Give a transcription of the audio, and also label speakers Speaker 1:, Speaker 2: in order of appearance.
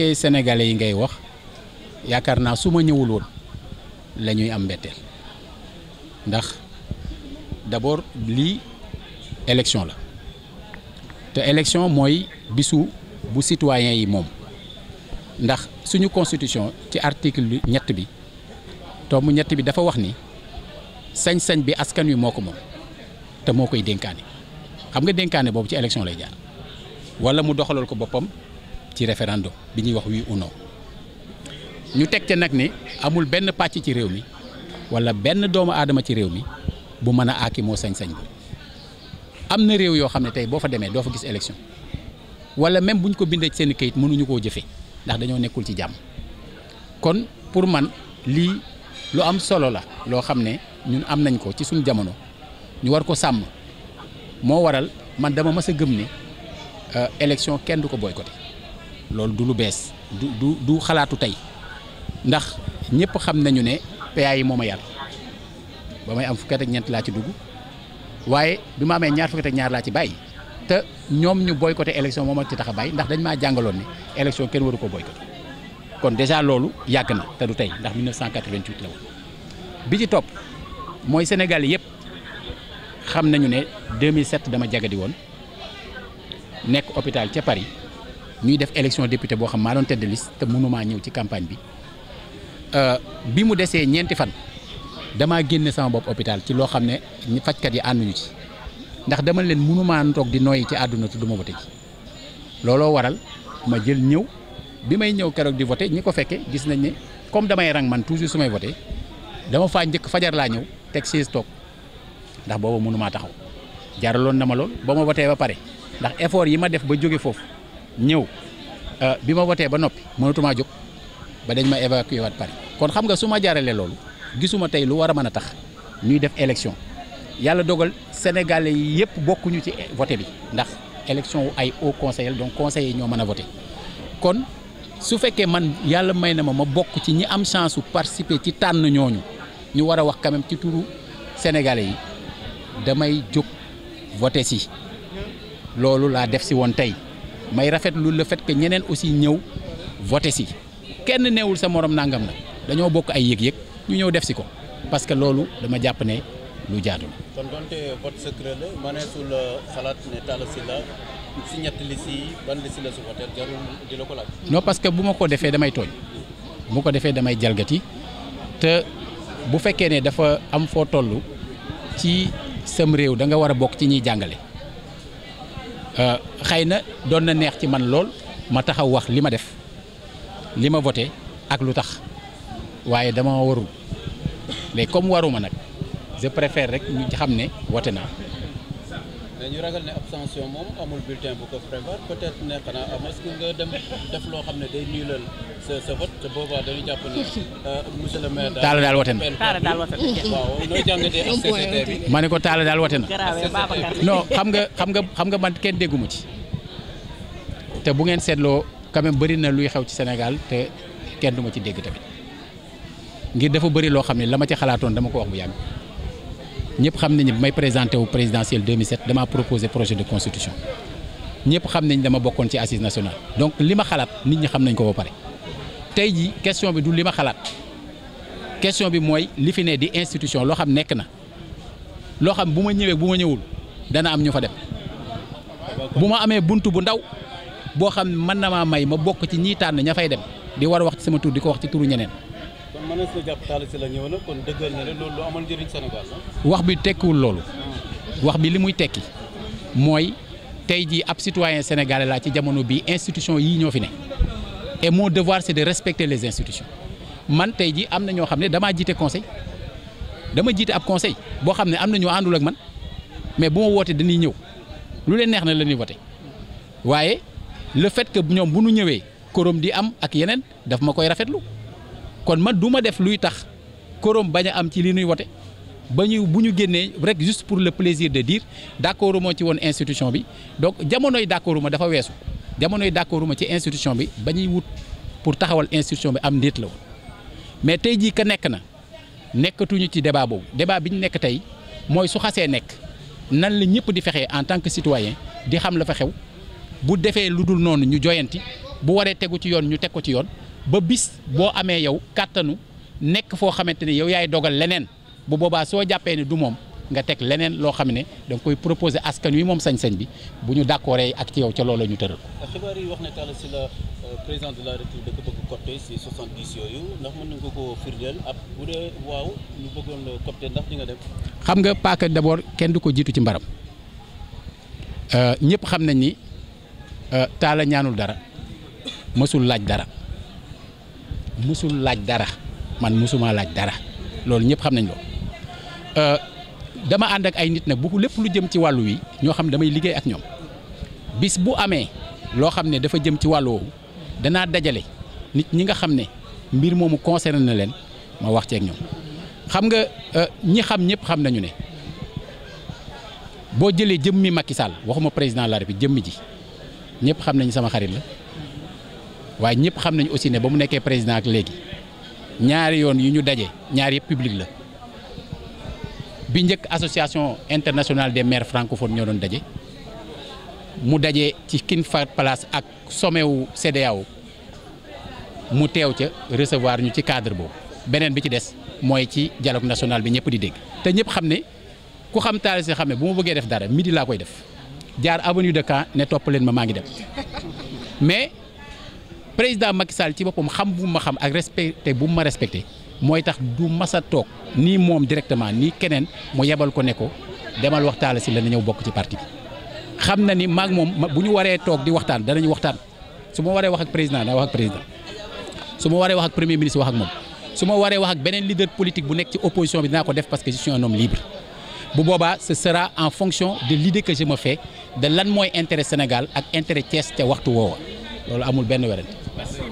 Speaker 1: fekkee sénégalais yi ngay wax yaakaar naa su ma ñëwul woon la ñuy am mbetteel ndax d'abord lii élection la te élection mooy bisu bu citoyen yi moom ndax suñu constitution ci article ñett bi tomb ñett bi dafa wax ni sañ-sañ bi askan wi moo ko moom te moo koy dénkaane xam nga denkaane boobu ci élection lay jaar wala mu doxalal ko boppam ci référendum bi ñuy wax oui ou ñu teg ca nag ni amul benn pàcc ci réew mi wala benn doomu aadama ci réew mi bu mën a aaki moo sañ-sañ bi am na réew yoo xam ne tey boo fa demee doo fa gis élection wala même bu ñu ko bindee seen kayit mënuñu koo jëfee ndax dañoo nekkul ci jàmm kon pour man lii lu am solo la loo xam ne ñun am nañ ko ci suñu jamono ñu war ko sàmm moo waral man dama mës a gëm ne euh, élection kenn du ko boycotté loolu du lu bees du du du xalaatu tey ndax ñëpp xam nañu ne PA yi moo ma yar ba may am fukki at ak ñeent laa ci dugg waaye bi ma amee ñaar fukki ak ñaar laa ci bàyyi te ñoom ñu boycotté élection moo ma ci tax a bàyyi ndax dañ maa jàngaloon ne élection kenn waru ko boycotté kon déjà loolu yàgg na te du tey ndax 1988 la woon bi ci topp mooy Sénégal yëpp xam nañu ne 2007 dama jagadi woon nekk hôpital ca Paris. ñuy def élection député boo xam maa doon tête de liste te mënumaa ñëw ci campagne bi euh, bi mu desee ñeenti fan damaa génne sama bopp hôpital ci loo xam ne ñu fajkat yi ànduñu ci ndax demal leen mënumaa toog di noyyi ci àdduna te du ma voté ji looloo waral ma jël ñëw bi may ñëw keroog di voté ñi ko fekke gis nañ ne comme damay rang man toujours su may voté dama faa njëkk fajar laa ñëw teg siis toog ndax booba mënumaa taxaw jaraloon na ma lool ba ma voté ba pare ndax effort yi ma def ba jóge foofu ñëw euh, bi ma wotee ba noppi mënatumaa jóg ba dañ ma évacué waat Paris kon xam nga su ma jaaralee loolu gisuma tey lu war a mën a tax ñuy def élection yàlla dogal sénégalais yi yëpp bokkuñu ci voté bi ndax élection wu ay o conseil donc conseillers ñoo mën a voté kon su fekkee man yàlla may na ma ma bokk ci ñi am chance su participer ci tànn ñooñu ñu war a wax quand ci turu sénégalais yi damay jóg voté si loolu laa def si woon tey. may rafetlu le fait que ñeneen aussi ñëw voté si kenn neewul sa morom nangam la dañoo bokk ay yëg-yëg ñu ñëw def si ko parce que loolu dama jàpp ne lu jaadu la. kon donte vote secret la mëneesul euh, la su parce que bu ma ko defee damay tooñ bu ma ko defee damay jalgati te bu fekkee ne dafa am foo toll ci sam réew da nga war a bokk ci ñuy jàngale. Euh, xëy na doon na neex ci man lool ma taxaw wax li ma def li ma voté ak lu tax waaye dama warul léegi comme waruma nag je préfère rek ñu xam ne voté naa. ñu ragal ne abstention moom amul bulletin bu ko prévoir peut-être ne xanaa nga dem def loo xam ne day nuyuloon. sa sa vote te boobaa dañuy euh, daal Talla daal wote na. daal wote na waaw nooy jàngatee ne ko Talla daal wote xam nga xam nga xam nga man kenn dégguma ci. te bu ngeen seetloo quand même na luy xew ci senegal te kenn du ma ci dégg tamit ngir dafa bëri loo xam ne lama ci xalaatoon dama ko wax bu yàgg. ñëpp xam nañu bi may présenté wu présidentielle 2007 damaa proposé projet de constitution ñëpp xam nañ dama bokkoon ci assise national donc li ma xalaat nit ñi xam nañ ko ba pare. tey jii question bi du li ma xalaat question bi mooy li fi ne di institution loo xam nekk na loo xam bu ma ñëwee bu ma ñëwul dana am ñu fa dem bu ma amee bunt bu ndaw boo xam mën na maa may ma bokk ci ñii tànn ña fay dem di war a wax ci sama tur di ko wax ci turu ñeneen. kon mën ñëw na kon dëggal na loolu lu amal njëriñ wax bi tekkiwul loolu. wax bi li muy tekki mooy tey jii ab citoyen sénégalais laa ci jamono bii institution yii ñoo fi ne. et mon devoir c'est de respecter les institutions man tey jii am na ñoo xam ne damaa jiite conseil dama jiite ab conseil boo xam ne am na ñoo àndul ak man mais bu ma wootee dañuy ñëw lu leen neex na la ñuy voté waaye le fait que ñoom bu nu ñëwee korom di am ak yeneen daf ma koy rafetlu kon man duma def luy tax korom bañ a am ci li nuy wote ba ñu bu ñu génnee rek juste pour le plaisir de dire d'accord moo ci woon institution bi donc jamonoy d'accord ma dafa weesu. jamonoy d'accord ma ci institution bi ba ñuy wut pour taxawal institution bi am ndéet la woon mais tey jii ka nekk na nekkatuñu ci débat boobu débat bi ñu nekk tey mooy su xasee nekk nan la ñëpp di fexee en tant que citoyen di xam la fa xew bu defee lu dul noonu ñu joyanti bu waree tegu ci yoon ñu teg ko ci yoon ba bis boo amee yow kàttanu nekk foo xamante ne yow yaay dogal leneen bu boobaa soo jàppee ne du moom nga teg leneen loo xam ne da koy proposé askan wi moom sañ-sañ bi bu ñu d'accordee ak ci yow ca loolu ñu tëral. xibaar yi wax ne Talla Sylla euh, président de la yooyu ndax mën nañ ko ko firndeel ab bu dee waaw ñu bëggoon coopté ndax di nga dem. xam nga paaka d'abord kenn du ko jiitu ci mbaram euh, ñëpp xam nañ ni euh, Talla ñaanul dara mësul laaj dara mësul laaj dara man musumaa laaj dara loolu ñëpp xam nañ loolu. dama ànd ak ay nit na bu lépp lu jëm ci wàllu wi ñoo xam ne damay liggéey ak ñoom bis bu amee loo xam ne dafa jëm ci wàllu woowu danaa dajale nit ñi nga xam ne mbir moomu concerné na leen ma wax ceeg ñoom xam nga euh, ñi xam ñëpp xam nañu ne boo jëlee jëmmi Macky Sall waxuma président de la République jëmmi ji ñëpp xam nañu sama xarit la waaye ñëpp xam nañu aussi ne ba mu nekkee président ak léegi ñaari yoon yu ñu daje ñaar yëpp public la. bi njëkk association internationale des maires francophones ñoo doon daje mu daje ci King Fahd Palace ak sommet wu CEDEAO mu teew ca recevoir ñu ci cadre boobu beneen bi ci des mooy ci dialogue national bi ñëpp di dégg te ñëpp xam ne ku xam taal si xam ne bu ma bëggee def dara midi laa koy def jaar avenue de Caen ne topp leen ma maa ngi dem mais président Macky Sall ci boppam xam bu ma xam ak respecté bu ma respecté mooy tax du mas toog nii moom directement nii keneen mu yebal ko ne ko demal waxtaale si la na ñëw bokk ci parti bi xam na ni maag moom bu ñu waree toog di waxtaan dana ñu waxtaan su ma waree wax ak président dana wax ak président su ma waree wax ak premier ministre wax ak moom su ma waree wax ak beneen leader politique bu nekk ci opposition bi dinaa ko def parce que je suis un homme libre bu boobaa ce sera en fonction de l'idée que je me fais de lan mooy intérêt Sénégal ak intérêt Thiès ca waxtu woowa loolu amul benn werante